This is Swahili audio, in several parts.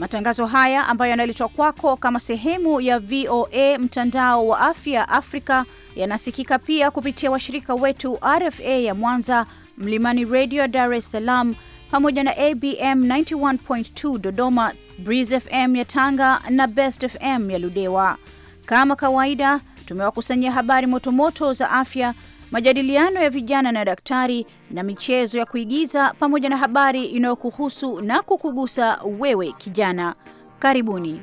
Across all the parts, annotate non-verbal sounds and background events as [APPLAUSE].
Matangazo haya ambayo yanaletwa kwako kama sehemu ya VOA mtandao wa afya Afrika yanasikika pia kupitia washirika wetu RFA ya Mwanza, Mlimani Radio Dar es Salaam, pamoja na ABM 91.2 Dodoma, Breeze FM ya Tanga na Best FM ya Ludewa. Kama kawaida, tumewakusanyia habari motomoto za afya majadiliano ya vijana na daktari, na michezo ya kuigiza pamoja na habari inayokuhusu na kukugusa wewe kijana. Karibuni.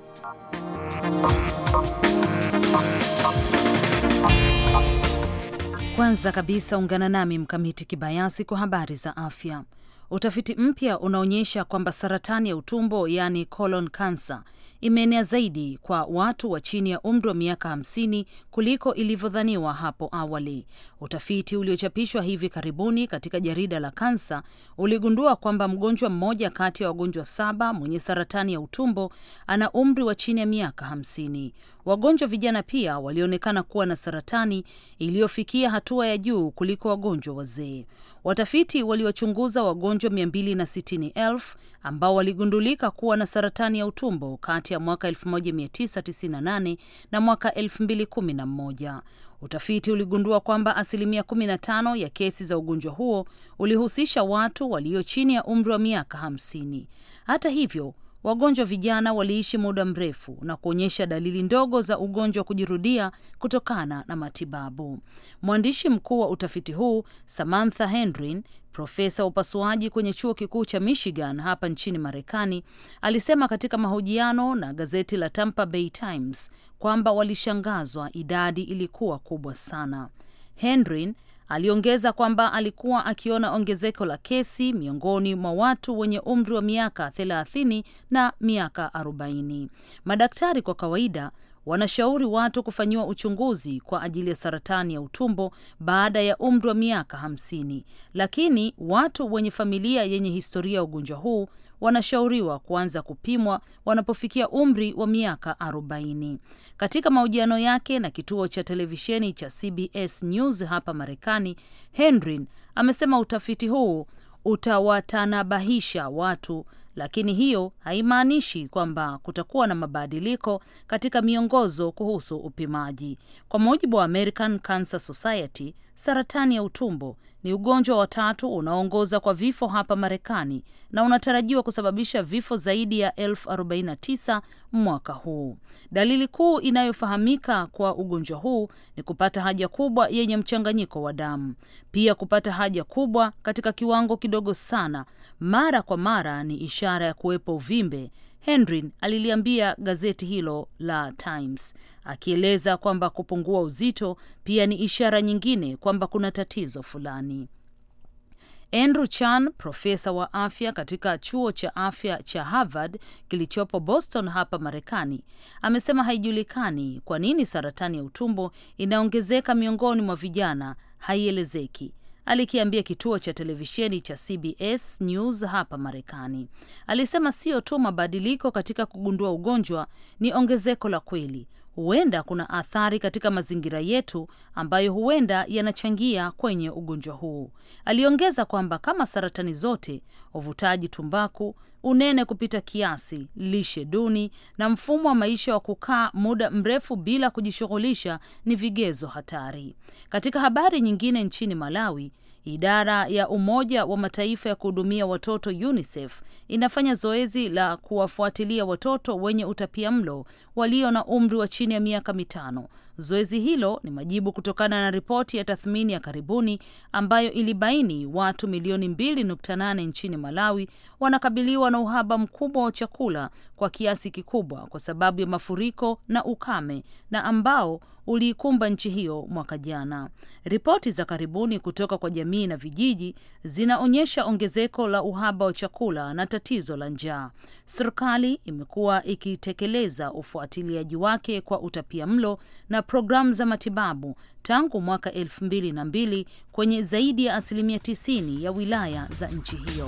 Kwanza kabisa ungana nami Mkamiti Kibayasi kwa habari za afya. Utafiti mpya unaonyesha kwamba saratani ya utumbo yaani colon cancer imeenea zaidi kwa watu wa chini ya umri wa miaka hamsini kuliko ilivyodhaniwa hapo awali. Utafiti uliochapishwa hivi karibuni katika jarida la Kansa uligundua kwamba mgonjwa mmoja kati ya wagonjwa saba mwenye saratani ya utumbo ana umri wa chini ya miaka hamsini. Wagonjwa vijana pia walionekana kuwa na saratani iliyofikia hatua ya juu kuliko wagonjwa wazee. Watafiti waliwachunguza wagonjwa 260,000 ambao waligundulika kuwa na saratani ya utumbo kati ya mwaka 1998 na mwaka 2011. Utafiti uligundua kwamba asilimia 15 ya kesi za ugonjwa huo ulihusisha watu walio chini ya umri wa miaka 50. Hata hivyo Wagonjwa vijana waliishi muda mrefu na kuonyesha dalili ndogo za ugonjwa kujirudia kutokana na matibabu. Mwandishi mkuu wa utafiti huu Samantha Hendrin, profesa wa upasuaji kwenye chuo kikuu cha Michigan hapa nchini Marekani, alisema katika mahojiano na gazeti la Tampa Bay Times kwamba walishangazwa, idadi ilikuwa kubwa sana. Hendrin Aliongeza kwamba alikuwa akiona ongezeko la kesi miongoni mwa watu wenye umri wa miaka 30 na miaka 40. Madaktari kwa kawaida wanashauri watu kufanyiwa uchunguzi kwa ajili ya saratani ya utumbo baada ya umri wa miaka hamsini, lakini watu wenye familia yenye historia ya ugonjwa huu wanashauriwa kuanza kupimwa wanapofikia umri wa miaka 40. Katika mahojiano yake na kituo cha televisheni cha CBS News hapa Marekani, Henry amesema utafiti huu utawatanabahisha watu lakini hiyo haimaanishi kwamba kutakuwa na mabadiliko katika miongozo kuhusu upimaji. Kwa mujibu wa American Cancer Society, saratani ya utumbo ni ugonjwa wa tatu unaoongoza kwa vifo hapa Marekani na unatarajiwa kusababisha vifo zaidi ya elfu 49 mwaka huu. Dalili kuu inayofahamika kwa ugonjwa huu ni kupata haja kubwa yenye mchanganyiko wa damu. Pia kupata haja kubwa katika kiwango kidogo sana mara kwa mara ni ishara ya kuwepo uvimbe Henry aliliambia gazeti hilo la Times, akieleza kwamba kupungua uzito pia ni ishara nyingine kwamba kuna tatizo fulani. Andrew Chan, profesa wa afya katika chuo cha afya cha Harvard kilichopo Boston hapa Marekani, amesema haijulikani kwa nini saratani ya utumbo inaongezeka miongoni mwa vijana, haielezeki alikiambia kituo cha televisheni cha CBS News hapa Marekani. Alisema sio tu mabadiliko katika kugundua ugonjwa, ni ongezeko la kweli huenda kuna athari katika mazingira yetu ambayo huenda yanachangia kwenye ugonjwa huu. Aliongeza kwamba kama saratani zote, uvutaji tumbaku, unene kupita kiasi, lishe duni na mfumo wa maisha wa kukaa muda mrefu bila kujishughulisha ni vigezo hatari. Katika habari nyingine, nchini Malawi Idara ya Umoja wa Mataifa ya kuhudumia watoto UNICEF inafanya zoezi la kuwafuatilia watoto wenye utapia mlo walio na umri wa chini ya miaka mitano. Zoezi hilo ni majibu kutokana na ripoti ya tathmini ya karibuni ambayo ilibaini watu milioni 2.8 nchini Malawi wanakabiliwa na uhaba mkubwa wa chakula kwa kiasi kikubwa kwa sababu ya mafuriko na ukame na ambao uliikumba nchi hiyo mwaka jana. Ripoti za karibuni kutoka kwa jamii na vijiji zinaonyesha ongezeko la uhaba wa chakula na tatizo la njaa. Serikali imekuwa ikitekeleza ufuatiliaji wake kwa utapia mlo na programu za matibabu tangu mwaka elfu mbili na mbili kwenye zaidi ya asilimia 90 ya wilaya za nchi hiyo.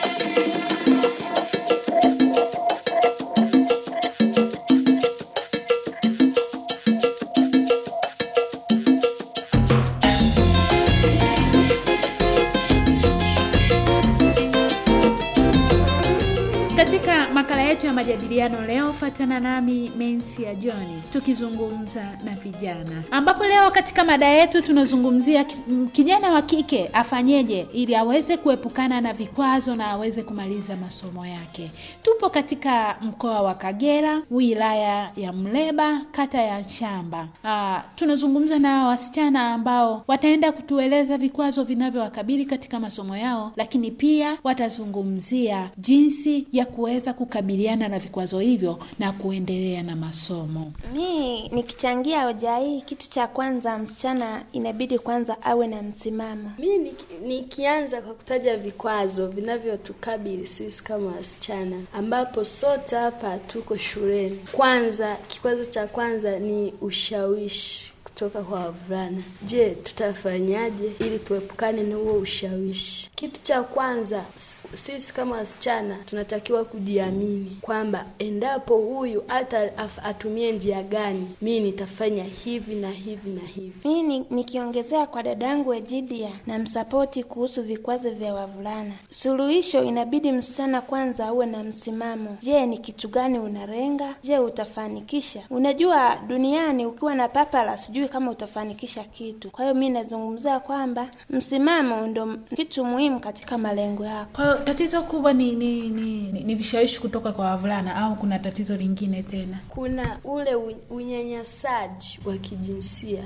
majadiliano leo, fatana nami Mensi ya John tukizungumza na vijana, ambapo leo katika mada yetu tunazungumzia kijana wa kike afanyeje ili aweze kuepukana na vikwazo na aweze kumaliza masomo yake. Tupo katika mkoa wa Kagera, wilaya ya Mleba, kata ya Nshamba. Ah, tunazungumza na wasichana ambao wataenda kutueleza vikwazo vinavyowakabili katika masomo yao, lakini pia watazungumzia jinsi ya kuweza kukabiliana na vikwazo hivyo na kuendelea na masomo. Mi nikichangia hoja hii, kitu cha kwanza, msichana inabidi kwanza awe na msimamo. Mi nikianza kwa kutaja vikwazo vinavyotukabili sisi kama wasichana, ambapo sote hapa tuko shuleni. Kwanza, kikwazo cha kwanza ni ushawishi kutoka kwa wavulana. Je, tutafanyaje ili tuepukane na huo ushawishi? Kitu cha kwanza, sisi kama wasichana tunatakiwa kujiamini kwamba endapo huyu hata atumie njia gani, mi nitafanya hivi na hivi na hivi. Mi nikiongezea kwa dadangu Ejidia na msapoti kuhusu vikwazo vya wavulana, suluhisho inabidi msichana kwanza awe na msimamo. Je, ni kitu gani unarenga? Je, utafanikisha? Unajua duniani ukiwa na papa la sijui kama utafanikisha kitu. Kwa hiyo mi nazungumzia kwamba msimamo ndo kitu muhimu katika malengo yako. Kwa hiyo tatizo kubwa ni ni, ni, ni, ni vishawishi kutoka kwa wavulana au kuna tatizo lingine tena? Kuna ule unyanyasaji wa kijinsia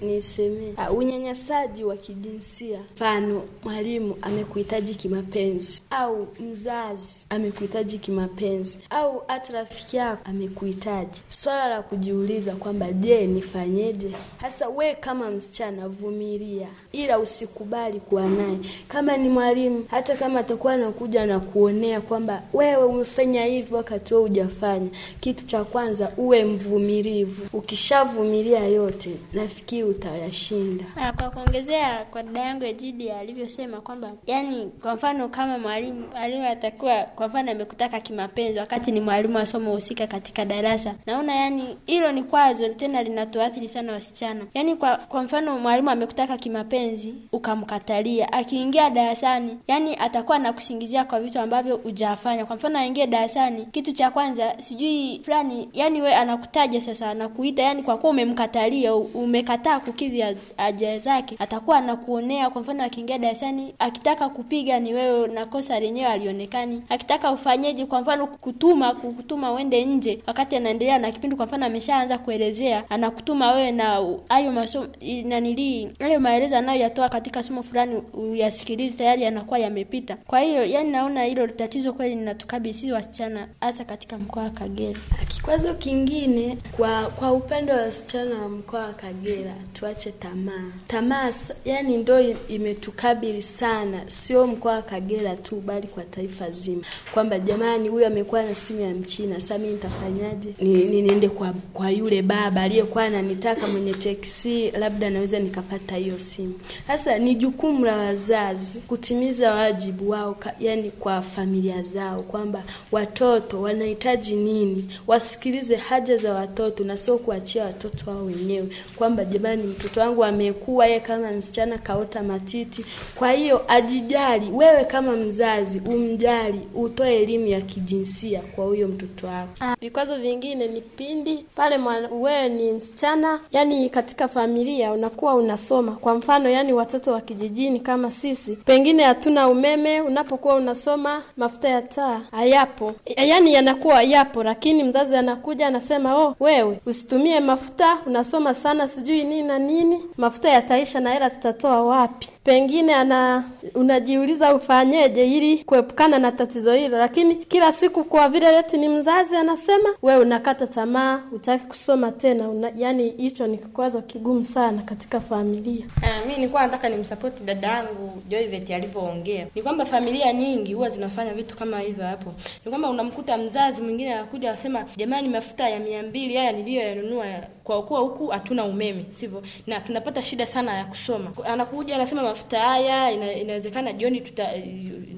nisemee, ah, unyanyasaji wa kijinsia mfano, mwalimu amekuhitaji kimapenzi au mzazi amekuhitaji kimapenzi au hata rafiki yako amekuhitaji. Swala la kujiuliza kwamba je, nifanyeje Hasa we kama msichana, vumilia, ila usikubali kuwa naye. Kama ni mwalimu, hata kama atakuwa anakuja na kuonea kwamba wewe umefanya hivi wakati wewe hujafanya kitu, cha kwanza uwe mvumilivu. Ukishavumilia yote, nafikiri utayashinda. Ah, kwa kuongezea kwa dada yangu ya Jidi alivyosema kwamba, yani kwa mfano kama mwalimu alio atakuwa kwa mfano amekutaka kimapenzi wakati ni mwalimu wa somo husika katika darasa, naona yani hilo ni kwazo tena linatuathiri sana wasi wasichana. Yaani kwa, kwa mfano mwalimu amekutaka kimapenzi ukamkatalia, akiingia darasani yani atakuwa nakusingizia kwa vitu ambavyo hujafanya. Kwa mfano aingie darasani, kitu cha kwanza sijui fulani, yani we anakutaja sasa, anakuita yani kwa kuwa umemkatalia, umekataa kukidhi haja zake, atakuwa anakuonea. Kwa mfano akiingia darasani, akitaka kupiga ni wewe na kosa lenyewe alionekani, akitaka ufanyeje, kwa mfano kutuma kukutuma uende nje, wakati anaendelea na kipindi, kwa mfano ameshaanza kuelezea, anakutuma wewe na hayo masomo nanili hayo maelezo anayoyatoa katika somo fulani uyasikilizi tayari yanakuwa yamepita. Kwa hiyo yani, naona hilo tatizo kweli linatukabisi wasichana, hasa katika mkoa wa Kagera. Kikwazo kingine kwa kwa upande wa wasichana wa mkoa wa Kagera, tuache tamaa. Tamaa yani ndo imetukabili sana, sio mkoa wa Kagera tu, bali kwa taifa zima, kwamba jamani, huyu amekuwa na simu ya Mchina, sasa mimi nitafanyaje? Ni niende kwa kwa yule baba aliyekuwa ananitaka mwenye teksi labda naweza nikapata hiyo simu. Sasa ni jukumu la wazazi kutimiza wajibu wao, yani kwa familia zao, kwamba watoto wanahitaji nini, wasikilize haja za watoto na sio kuachia watoto wao wenyewe, kwamba jamani, mtoto wangu amekuwa yeye kama msichana kaota matiti, kwa hiyo ajijali. Wewe kama mzazi umjali, utoe elimu ya kijinsia kwa huyo mtoto wako. Ah, vikwazo vingine ni pindi pale wewe ni msichana yani yani katika familia unakuwa unasoma. Kwa mfano, yani watoto wa kijijini kama sisi, pengine hatuna umeme, unapokuwa unasoma mafuta ya taa hayapo, yani yanakuwa yapo, lakini mzazi anakuja anasema, oh, wewe usitumie mafuta, unasoma sana, sijui nini na nini, mafuta yataisha na hela tutatoa wapi? Pengine ana unajiuliza ufanyeje ili kuepukana na tatizo hilo, lakini kila siku kwa vile leti ni mzazi anasema, wewe unakata tamaa, utaki kusoma tena una, yani hicho ni kikwazo kigumu sana katika familia. Ah, mimi nilikuwa nataka nimsapoti dada yangu Joyvet alivyoongea. Ni kwamba familia nyingi huwa zinafanya vitu kama hivyo hapo. Ni kwamba unamkuta mzazi mwingine anakuja anasema, jamani, mafuta ya mia mbili haya niliyoyanunua kwa kuwa huku hatuna umeme, sivyo, na tunapata shida sana ya kusoma. Anakuja anasema mafuta haya, inawezekana jioni tuta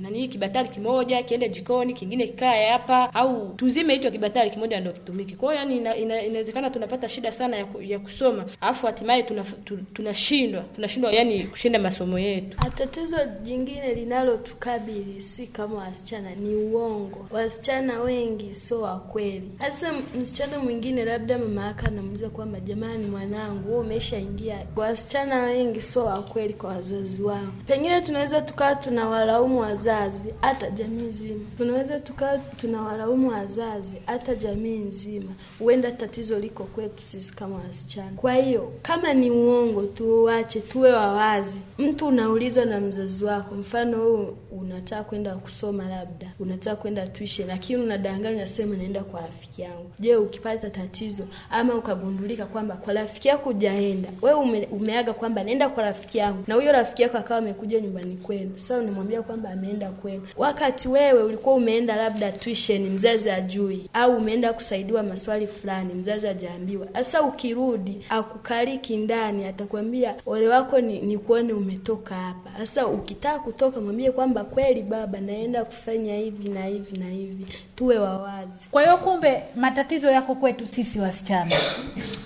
nani kibatari kimoja kiende jikoni, kingine kikae hapa, au tuzime hicho kibatari kimoja ndio kitumike. Kwa hiyo yani inawezekana ina, tunapata shida sana ya, ya kusoma, alafu hatimaye tunashindwa tuna tunashindwa yani kushinda masomo yetu. Ah, tatizo jingine linalotukabili si kama wasichana, ni uongo. Wasichana wengi sio wa kweli. Hasa msichana mwingine labda mama yake anamuuliza kwamba jamani, mwanangu wewe umeshaingia. Wasichana wengi sio wa kweli kwa wazazi wao. Pengine tunaweza tukawa tunawalaumu wazazi, hata jamii nzima. Tunaweza tukawa tunawalaumu wazazi, hata jamii nzima. Huenda tatizo liko kwetu sisi kama wasichana. Kwa hiyo kama ni uongo tuuache, tuwe wawazi. Mtu unaulizwa na mzazi wako, mfano wewe unataka kwenda kusoma, labda unataka kwenda tuishe, lakini unadanganya sehemu naenda kwa rafiki yangu. Je, ukipata tatizo ama ukagundulika kuandika kwamba kwa rafiki yako hujaenda wewe, ume, umeaga kwamba naenda kwa rafiki yangu, na huyo rafiki yako akawa amekuja nyumbani kwenu. Sasa so, unamwambia kwamba ameenda kwenu, wakati wewe ulikuwa umeenda labda tuition, mzazi ajui, au umeenda kusaidiwa maswali fulani, mzazi ajaambiwa Sasa ukirudi akukaliki ndani, atakwambia ole wako ni, ni kuone umetoka hapa. Sasa ukitaka kutoka, mwambie kwamba kweli baba, naenda kufanya hivi na hivi na hivi tuwe wawazi. Kwa hiyo kumbe matatizo yako kwetu sisi wasichana.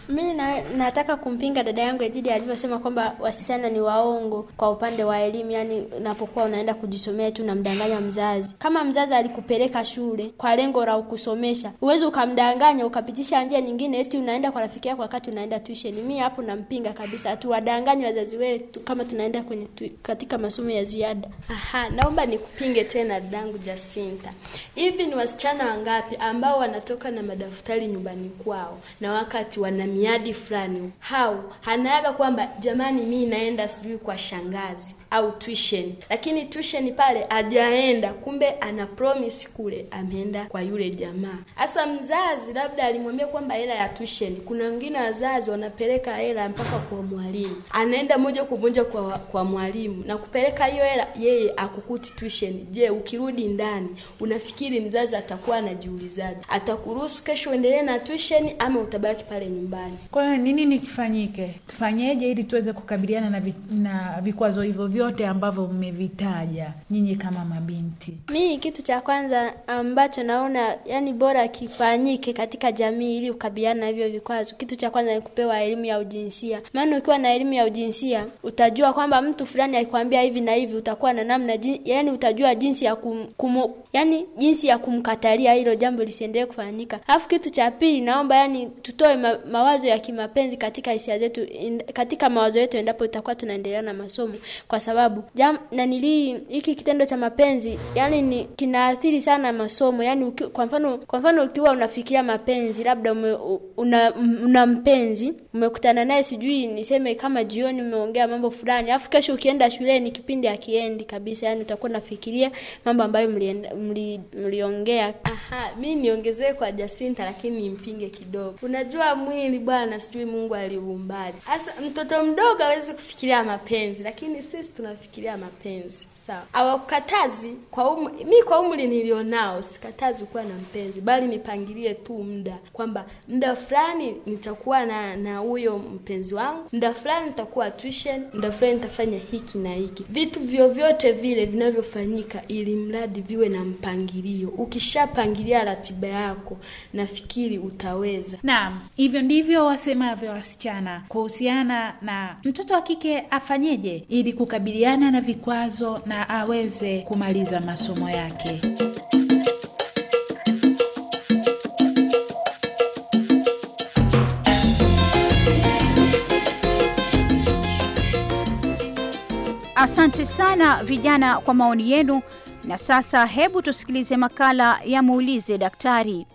Mimi na, nataka kumpinga dada yangu Ejidi alivyosema kwamba wasichana ni waongo kwa upande wa elimu, yani unapokuwa unaenda kujisomea tu namdanganya mzazi. Kama mzazi alikupeleka shule kwa lengo la ukusomesha, uwezi ukamdanganya ukapitisha njia nyingine eti unaenda kwa rafiki yako wakati unaenda tuition. Mimi hapo nampinga kabisa, hatuwadanganye wazazi wetu kama tunaenda kwenye tu, katika masomo ya ziada. Aha, naomba nikupinge tena dadangu Jacinta. Hivi ni wasichana wasichana wangapi ambao wanatoka na madaftari nyumbani kwao na wakati wana miadi fulani, hao hanayaga kwamba jamani, mi naenda sijui kwa shangazi au tuition, lakini tuition pale hajaenda, kumbe ana promise kule ameenda kwa yule jamaa. Hasa mzazi labda alimwambia kwamba hela ya tuition. Kuna wengine wazazi wanapeleka hela mpaka kwa mwalimu, anaenda moja kwa moja kwa kwa mwalimu na kupeleka hiyo hela, yeye akukuti tuition. Je, ukirudi ndani unafikiri mzazi atakuwa anajiulizaje? Atakuruhusu kesho uendelee na tuition ama utabaki pale nyumbani? Kwa hiyo nini nikifanyike, tufanyeje ili tuweze kukabiliana na, vi, na vikwazo hivyo vyote vyote ambavyo mmevitaja nyinyi kama mabinti? Mi kitu cha kwanza ambacho naona yani bora kifanyike katika jamii ili kukabiliana na hivyo vikwazo, kitu cha kwanza ni kupewa elimu ya ujinsia, maana ukiwa na elimu ya ujinsia utajua kwamba mtu fulani akikwambia hivi na hivi utakuwa na namna jin, yani utajua jinsi ya kum, kum, yani jinsi ya kumkatalia hilo jambo lisiendelee kufanyika. Alafu kitu cha pili naomba yani tutoe ma, mawazo ya kimapenzi katika hisia zetu, katika mawazo yetu endapo tutakuwa tunaendelea na masomo kwa sababu sababu jam, na nili hiki kitendo cha mapenzi yani ni kinaathiri sana masomo yani uki, kwa mfano kwa mfano ukiwa unafikiria mapenzi labda ume, una, una mpenzi umekutana naye sijui niseme kama jioni umeongea mambo fulani afu kesho ukienda shuleni kipindi akiendi kabisa yani utakuwa unafikiria mambo ambayo mliongea mli, mli aha mi niongezee kwa Jacinta lakini nimpinge kidogo unajua mwili bwana sijui Mungu aliumbaje hasa mtoto mdogo hawezi kufikiria mapenzi lakini sisi tunafikiria mapenzi sawa, awakatazi kwa umu, mi kwa umri nilionao sikatazi kuwa na mpenzi, bali nipangilie tu muda kwamba muda fulani nitakuwa na na huyo mpenzi wangu, muda fulani nitakuwa tuition, muda fulani nitafanya hiki na hiki, vitu vyovyote vile vinavyofanyika, ili mradi viwe na mpangilio. Ukishapangilia ratiba yako, nafikiri utaweza. Naam, hivyo ndivyo wasemavyo wasichana kuhusiana na mtoto wa kike afanyeje ili kukabili kukabiliana na vikwazo na aweze kumaliza masomo yake. Asante sana vijana kwa maoni yenu. Na sasa hebu tusikilize makala ya muulize daktari.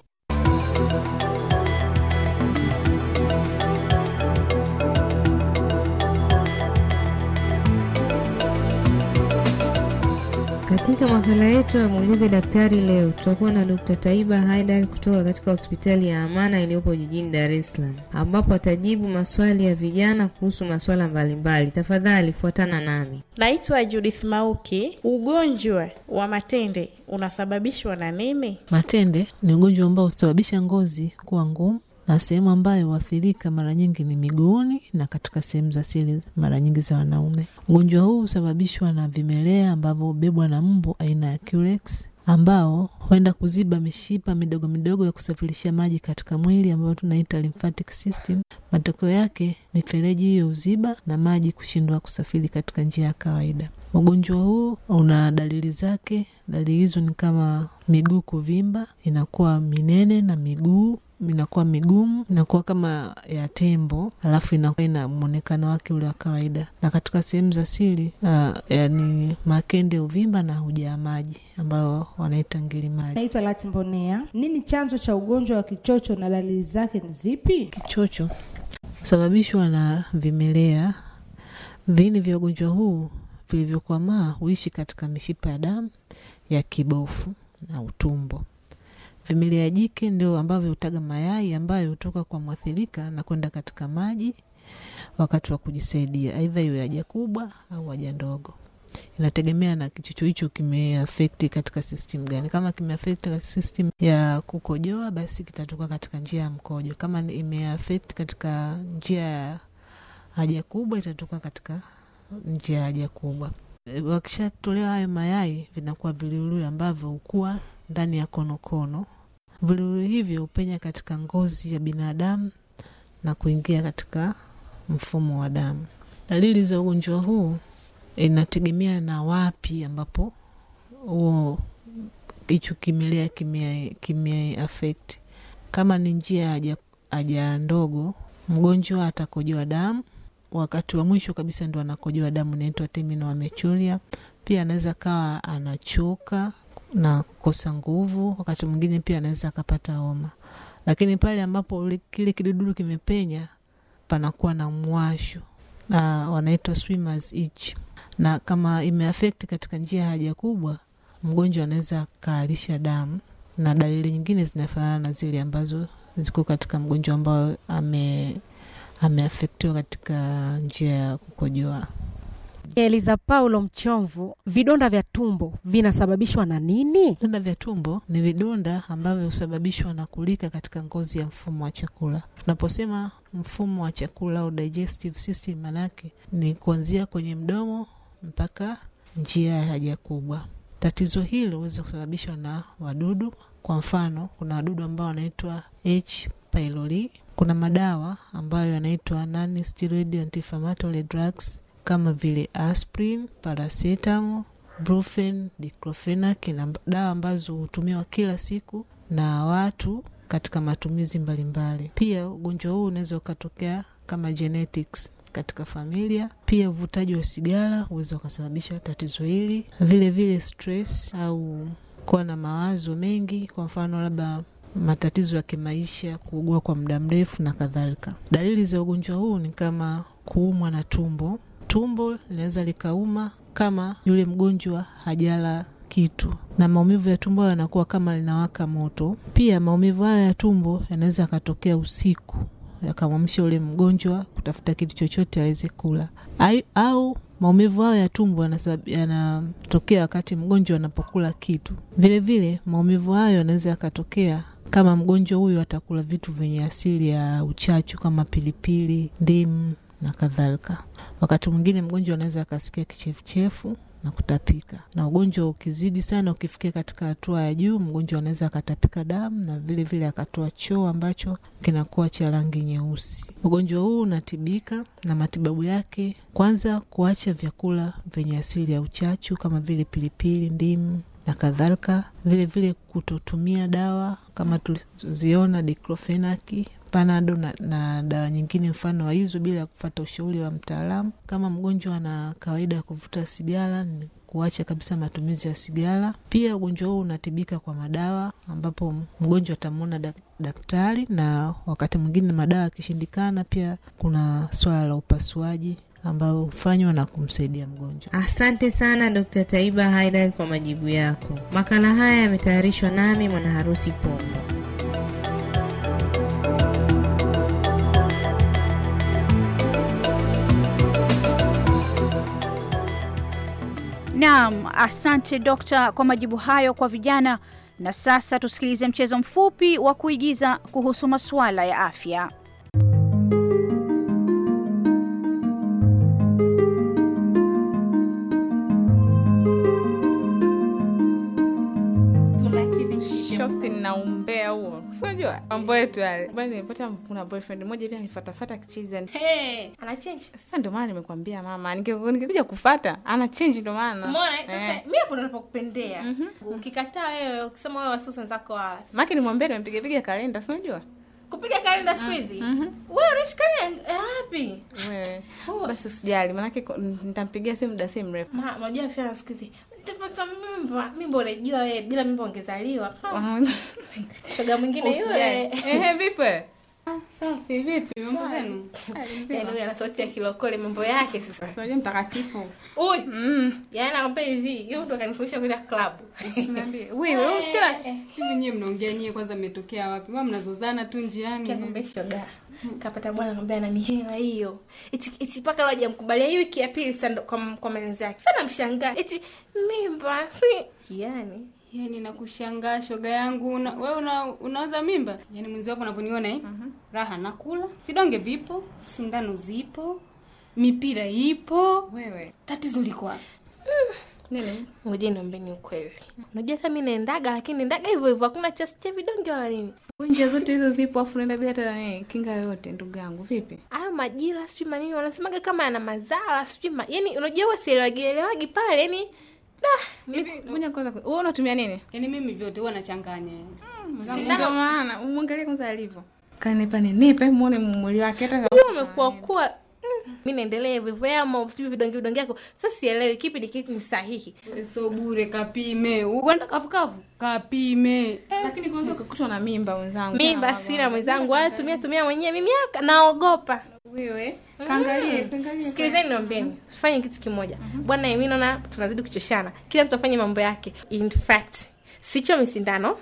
Katika makala yetu ya muulize daktari leo tutakuwa na Dr. Taiba Haidar kutoka katika hospitali ya Amana iliyopo jijini Dar es Salaam, ambapo atajibu maswali ya vijana kuhusu maswala mbalimbali. Tafadhali fuatana nami. Naitwa Judith Mauki. Ugonjwa wa matende unasababishwa na nini? Matende ni ugonjwa ambao husababisha ngozi kuwa ngumu na sehemu ambayo huathirika mara nyingi ni miguuni na katika sehemu za siri mara nyingi za wanaume. Ugonjwa huu husababishwa na vimelea ambavyo hubebwa na mbu aina ya Culex ambao huenda kuziba mishipa midogo midogo ya kusafirishia maji katika mwili ambayo tunaita lymphatic system. Matokeo yake mifereji hiyo huziba na maji kushindwa kusafiri katika njia ya kawaida. Ugonjwa huu una dalili zake. Dalili hizo ni kama miguu kuvimba, inakuwa minene na miguu inakuwa migumu, inakuwa kama ya tembo, alafu inakuwa ina mwonekano wake ule wa kawaida. Na katika sehemu za siri ah, yani makende uvimba na hujaa maji ambayo wanaita ngili maji. Naitwa Latimbonea. Nini chanzo cha ugonjwa wa kichocho na dalili zake ni zipi? Kichocho husababishwa na vimelea. Viini vya ugonjwa huu vilivyokwamaa huishi katika mishipa ya damu ya kibofu na utumbo. Vimelea jike ndio ambavyo hutaga mayai ambayo hutoka kwa mwathirika na kwenda katika maji wakati wa kujisaidia, aidha iwe haja kubwa au haja ndogo. Inategemea na kichocho hicho kimeafekti katika system gani. Kama kimeafekti katika system ya kukojoa, basi kitatoka katika njia ya mkojo. Kama imeafekti katika njia ya haja kubwa, itatoka katika njia ya haja kubwa. Wakishatolewa hayo mayai, vinakuwa viluilui ambavyo hukuwa ndani ya konokono -kono. Viluwilu hivyo hupenya katika ngozi ya binadamu na kuingia katika mfumo wa damu. Dalili za ugonjwa huu inategemea na wapi ambapo huo hicho kimelea kimeafekti. Kama ni njia haja, haja ndogo, mgonjwa atakojoa damu wakati wa mwisho kabisa ndo anakojoa damu, inaitwa terminal amechulia. Pia anaweza kawa anachoka na kukosa nguvu, wakati mwingine pia anaweza akapata homa. Lakini pale ambapo kile kidudulu kimepenya, panakuwa na mwasho na wanaitwa swimmers itch, na kama imeafekti katika njia ya haja kubwa, mgonjwa anaweza akaalisha damu, na dalili nyingine zinafanana na zile ambazo ziko katika mgonjwa ambayo ame ameafektiwa katika njia ya kukojoa. Eliza Paulo Mchomvu, vidonda vya tumbo vinasababishwa na nini? Vidonda vya tumbo ni vidonda ambavyo husababishwa na kulika katika ngozi ya mfumo wa chakula. Tunaposema mfumo wa chakula au digestive system, manake ni kuanzia kwenye mdomo mpaka njia ya haja kubwa. Tatizo hili huweza kusababishwa na wadudu. Kwa mfano, kuna wadudu ambao wanaitwa H pylori. Kuna madawa ambayo yanaitwa non steroid anti inflammatory drugs kama vile aspirin, paracetamol, brufen, diclofenac na dawa ambazo hutumiwa kila siku na watu katika matumizi mbalimbali mbali. Pia ugonjwa huu unaweza ukatokea kama genetics katika familia. Pia uvutaji wa sigara huweza ukasababisha tatizo hili, vilevile stress au kuwa na mawazo mengi, kwa mfano labda matatizo ya kimaisha, kuugua kwa muda mrefu na kadhalika. Dalili za ugonjwa huu ni kama kuumwa na tumbo, tumbo linaweza likauma kama yule mgonjwa hajala kitu na maumivu ya tumbo hayo yanakuwa kama linawaka moto. Pia maumivu hayo ya tumbo yanaweza yakatokea usiku yakamwamsha ule mgonjwa kutafuta kitu chochote aweze kula ai, au maumivu hayo ya tumbo yanatokea wakati mgonjwa anapokula kitu. Vilevile maumivu hayo yanaweza yakatokea kama mgonjwa huyu atakula vitu vyenye asili ya uchachu kama pilipili, ndimu na kadhalika. Wakati mwingine mgonjwa anaweza akasikia kichefuchefu na kutapika, na ugonjwa ukizidi sana, ukifikia katika hatua ya juu, mgonjwa anaweza akatapika damu na vile vile akatoa choo ambacho kinakuwa cha rangi nyeusi. Ugonjwa huu unatibika na matibabu yake, kwanza kuacha vyakula vyenye asili ya uchachu kama vile pilipili, ndimu na kadhalika, vile vile kutotumia dawa kama tulizoziona diklofenaki panado na, na dawa nyingine mfano wa hizo bila ya kufata ushauri wa mtaalamu. Kama mgonjwa ana kawaida ya kuvuta sigara ni kuacha kabisa matumizi ya sigara. Pia ugonjwa huu unatibika kwa madawa, ambapo mgonjwa atamwona dak daktari, na wakati mwingine madawa yakishindikana, pia kuna swala la upasuaji ambayo hufanywa na kumsaidia mgonjwa. Asante sana Dkt. Taiba Haidan kwa majibu yako. Makala haya yametayarishwa nami Mwanaharusi Pombo. Naam, asante dokta kwa majibu hayo kwa vijana. Na sasa tusikilize mchezo mfupi wa kuigiza kuhusu masuala ya afya. Austin na umbea huo. Unajua mambo yetu yale. Bwana nilipata kuna boyfriend mmoja pia anifuatafuata kichizi. Hey, ana change. Sasa ndio maana nimekwambia mama, ningekuja kufuata, ana change ndio maana. Umeona? Sasa eh. mimi hapo ninapokupendea. Mhm. Ukikataa wewe, ukisema wewe wasusa zako wala. Maki nimwambia nimpiga piga kalenda, si unajua? Kupiga kalenda siku hizi. Mm, mhm. Wewe unaishi kalenda wapi? Wewe. Basi usijali, maana nitampigia simu muda si mrefu. Ma, kushana siku hizi nitapata mimba unajua bila mimbo ungezaliwa shoga mwingine yule vipi ah, safi vipi mambo zenu yaani huyu ana sauti ya kilokole mambo yake sasa mtakatifu uy mm. yaani nakwambia hivi ndo kanifundisha kwenda klabu eh. hivi nyie mnaongea nyie kwanza mmetokea wapi mnazozana tu njiani [LAUGHS] kapata bwana anambia ana mihela hiyo, iti mpaka paka leo hajamkubalia. Hiyo wiki ya pili sana kwa kwa yake sana, mshangaa iti mimba si yani yani nakushangaa shoga yangu una, wewe una, unaoza mimba yani mwenzi wako unavyoniona eh? uh-huh. Raha nakula vidonge vipo, sindano zipo, mipira ipo, wewe tatizo liko wapi? Mm nini? Ngoja niambeni ukweli. Unajua sasa mimi naendaga lakini naendaga hivyo hivyo hakuna cha cha vidonge wala nini. Njia zote hizo zipo afu naenda bila hata eh, kinga yoyote ndugu yangu. Vipi? Hayo majira sijui manini wanasemaga kama yana madhara sijui ma... Yaani unajua wewe sielewagi pale yani Ngoja kwanza, wewe unatumia nini? Yaani mimi vyote huwa nachanganya. Hmm, Ndio maana umwangalie kwanza alivyo. Kanipa nipe muone mwili wake hata. Umekuwa kuwa mi naendelea hivyo hivyo ama sijui vidonge vidonge yako sasa sielewi kipi ni ni sahihi so bure kapime ukwenda kavukavu kapime eh. lakini kwanza ukakutwa na mimba mwenzangu mimba sina mwenzangu tumia eh. tumia mwenyewe mimi naogopa wewe mm. sikilizeni niambeni tufanye kitu kimoja mhm. bwana mi naona tunazidi kuchoshana kila mtu afanye mambo yake in fact sicho misindano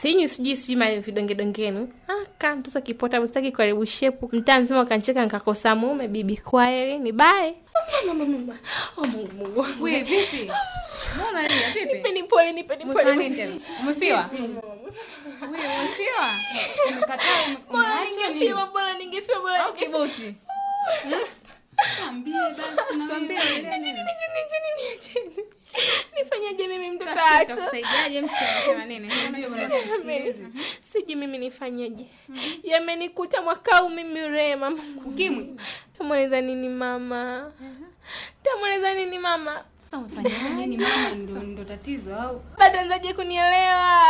sinyu sijui sijui ma vidonge dongenu. Ah, kama mtoto kipota kuharibu shepu. Mtaa mzima ukancheka nkakosa mume, bibi kwaeli ni bae. Oh, oh, ah, Ambie [LAUGHS] nifanyaje mimi mtoto sijui mimi nifanyaje mhm. yamenikuta mwakau mimi rema tamweleza nini mama tamweleza nini mama ndo tatizo au kunielewa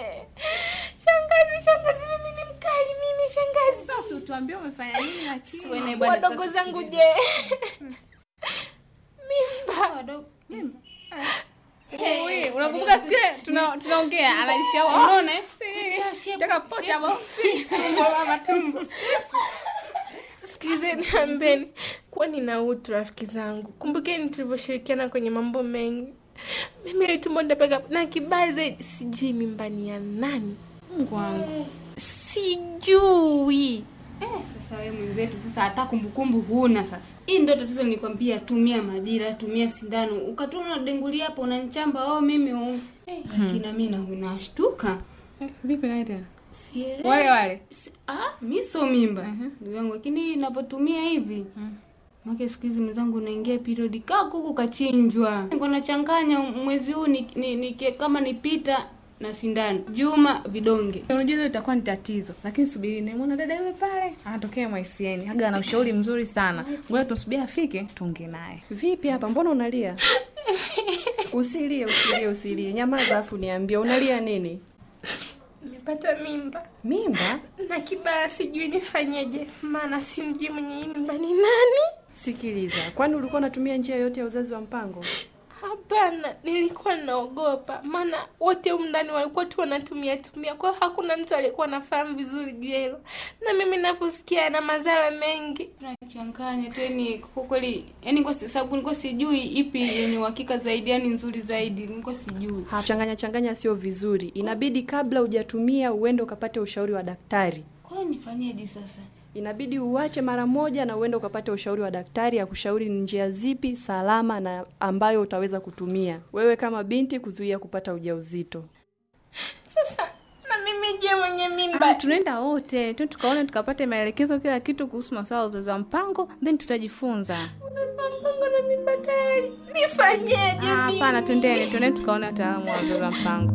[LAUGHS] shangazi shangazi mimi ni mkali mimi shangazi utuambia umefanya nini wadogo zangu je [LAUGHS] mimba mimi? unakumbuka siku tunaongea ambeni kuwa nina utu rafiki zangu. Kumbukeni tulivyoshirikiana kwenye mambo mengi. Mimi ile tumbo na kibaya zaidi sijui mimbani ya nani. Mungu wangu. Sijui. Eh, sasa wewe mwenzetu sasa hata kumbukumbu huna sasa. Hii ndio tatizo nilikwambia, tumia madira, tumia sindano. Ukatuna dengulia hapo unanichamba oh mimi oh. Eh, hmm. Kina mimi na eh, Wale wale. ah, mimi so mimba. Ndugu yangu lakini ninapotumia hivi. Hmm. siku hizi mzangu naingia periodi kako kuku kachinjwa. nachanganya mwezi huu ni, ni, ni, kama nipita na sindano. Juma vidonge. Unajua hilo itakuwa ni tatizo, lakini subiri, nimeona dada yule pale anatokea mwaisieni aga ana ushauri mzuri sana. Ngoja tusubiri afike tuongee naye. Vipi hapa, mbona unalia? [LAUGHS] Usilie, usilie, usilie, nyamaza afu niambia unalia nini? Nimepata mimba. Mimba na kibaya, sijui nifanyeje, maana simjui mwenye mimba ni nani. Sikiliza, kwani ulikuwa unatumia njia yote ya uzazi wa mpango? Hapana, nilikuwa naogopa, maana wote umndani ndani walikuwa tu wanatumia tumia, kwa hakuna mtu aliyekuwa anafahamu vizuri juu ya hilo, na mimi navyosikia na madhara mengi nachanganya tu, yani kwa kweli, yani kwa sababu nilikuwa sijui ipi yenye uhakika zaidi, yani nzuri zaidi, nilikuwa sijui. Changanya changanya sio vizuri, inabidi kabla hujatumia uende ukapate ushauri wa daktari. Kwa nifanyeje sasa? inabidi uache mara moja na uende ukapate ushauri wa daktari ya kushauri ni njia zipi salama na ambayo utaweza kutumia wewe kama binti kuzuia kupata ujauzito. Sasa na mimi je, mwenye mimba ah, tunaenda wote tu tukaona tukapate maelekezo kila kitu kuhusu masuala ya uzazi wa mpango, then tutajifunza mpango na mimba tayari, nifanyeje? Ah, hapana, twendeni twendeni tukaone wataalamu wa uzazi wa mpango.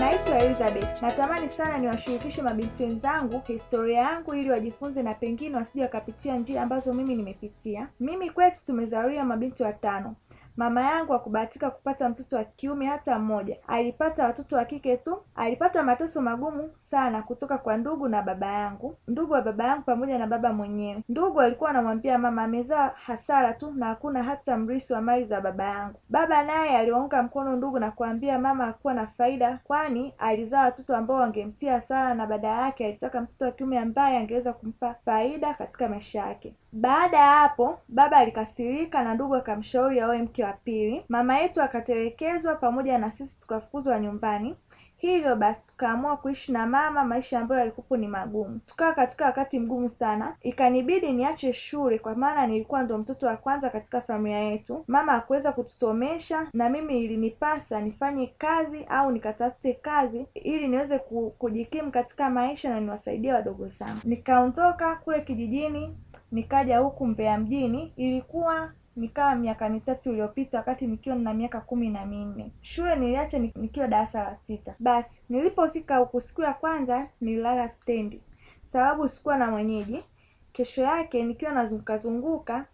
Naitwa Elizabeth, natamani sana niwashirikishe mabinti wenzangu historia yangu ili wajifunze na pengine wasije wakapitia njia ambazo mimi nimepitia. Mimi kwetu tumezaliwa mabinti watano Mama yangu hakubahatika kupata mtoto wa kiume hata mmoja, alipata watoto wa kike tu. Alipata mateso magumu sana kutoka kwa ndugu na baba yangu, ndugu wa baba yangu pamoja na baba mwenyewe. Ndugu alikuwa anamwambia mama amezaa hasara tu na hakuna hata mrisi wa mali za baba yangu. Baba naye aliwaunga mkono ndugu na kuambia mama hakuwa na faida, kwani alizaa watoto ambao wangemtia hasara, na baada yake alitaka mtoto wa kiume ambaye angeweza kumpa faida katika maisha yake. Baada ya hapo, baba alikasirika na ndugu akamshauri aoe mke la pili, mama yetu akatelekezwa pamoja na sisi tukafukuzwa nyumbani. Hivyo basi tukaamua kuishi na mama maisha ambayo yalikupo ni magumu. Tukawa katika wakati mgumu sana, ikanibidi niache shule kwa maana nilikuwa ndo mtoto wa kwanza katika familia yetu. Mama akuweza kutusomesha na mimi ilinipasa nifanye kazi au nikatafute kazi ili niweze kujikimu katika maisha na niwasaidia wadogo zangu. Nikaondoka kule kijijini nikaja huku Mbeya mjini, ilikuwa nikawa miaka mitatu iliyopita wakati nikiwa na miaka kumi na minne. Shule niliacha nikiwa darasa la sita. Basi nilipofika huku siku ya kwanza nililala stendi, sababu sikuwa na mwenyeji. Kesho yake nikiwa nazungukazunguka,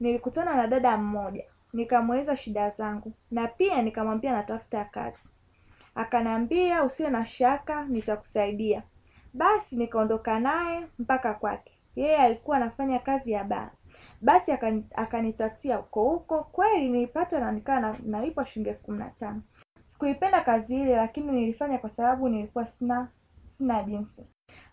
nilikutana na dada mmoja, nikamweleza shida zangu na pia nikamwambia natafuta kazi. akanaambia usiwe na shaka, nitakusaidia. Basi nikaondoka naye mpaka kwake. Yeye alikuwa anafanya kazi ya baa. Basi akani huko huko, kweli nilipata na na, nalipwa shilingi elfu kumi na tano. Sikuipenda kazi ile, lakini nilifanya kwa sababu nilikuwa sina sina jinsi.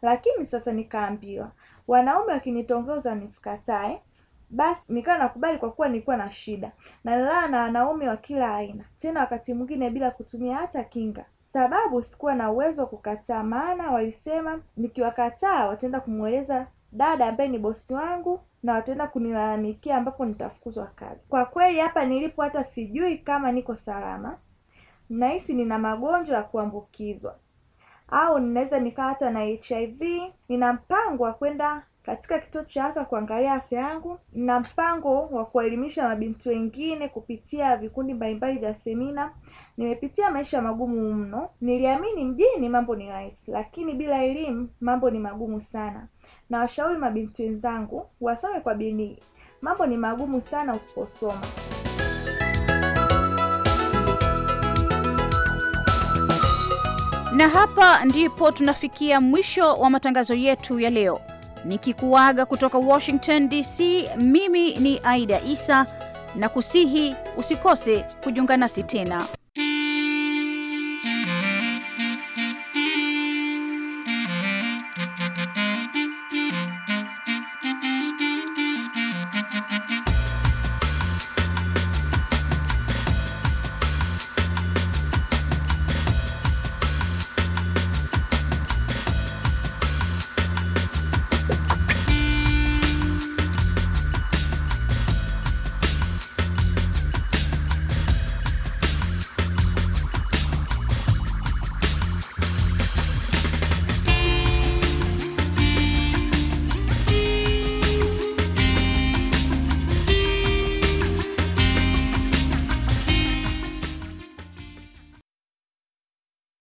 Lakini sasa nikaambiwa wanaume wakinitongoza nisikatae, basi nikawa nakubali kwa kuwa nilikuwa na shida. Nalala na wanaume wa kila aina, tena wakati mwingine bila kutumia hata kinga, sababu sikuwa na uwezo wa kukataa, maana walisema nikiwakataa wataenda kumweleza dada ambaye ni bosi wangu na wataenda kunilalamikia ambapo nitafukuzwa kazi. Kwa kweli hapa nilipo hata sijui kama niko salama, nahisi nina magonjwa ya kuambukizwa au ninaweza nikaa hata na HIV. Nina mpango wa kwenda katika kituo cha afya kuangalia afya yangu. Nina mpango wa kuwaelimisha mabinti wengine kupitia vikundi mbalimbali vya semina. Nimepitia maisha magumu mno. Niliamini mjini mambo ni rahisi, lakini bila elimu mambo ni magumu sana. Nawashauri mabinti wenzangu wasome kwa bidii, mambo ni magumu sana usiposoma. Na hapa ndipo tunafikia mwisho wa matangazo yetu ya leo, nikikuaga kutoka Washington DC. Mimi ni Aida Isa na kusihi usikose kujiunga nasi tena.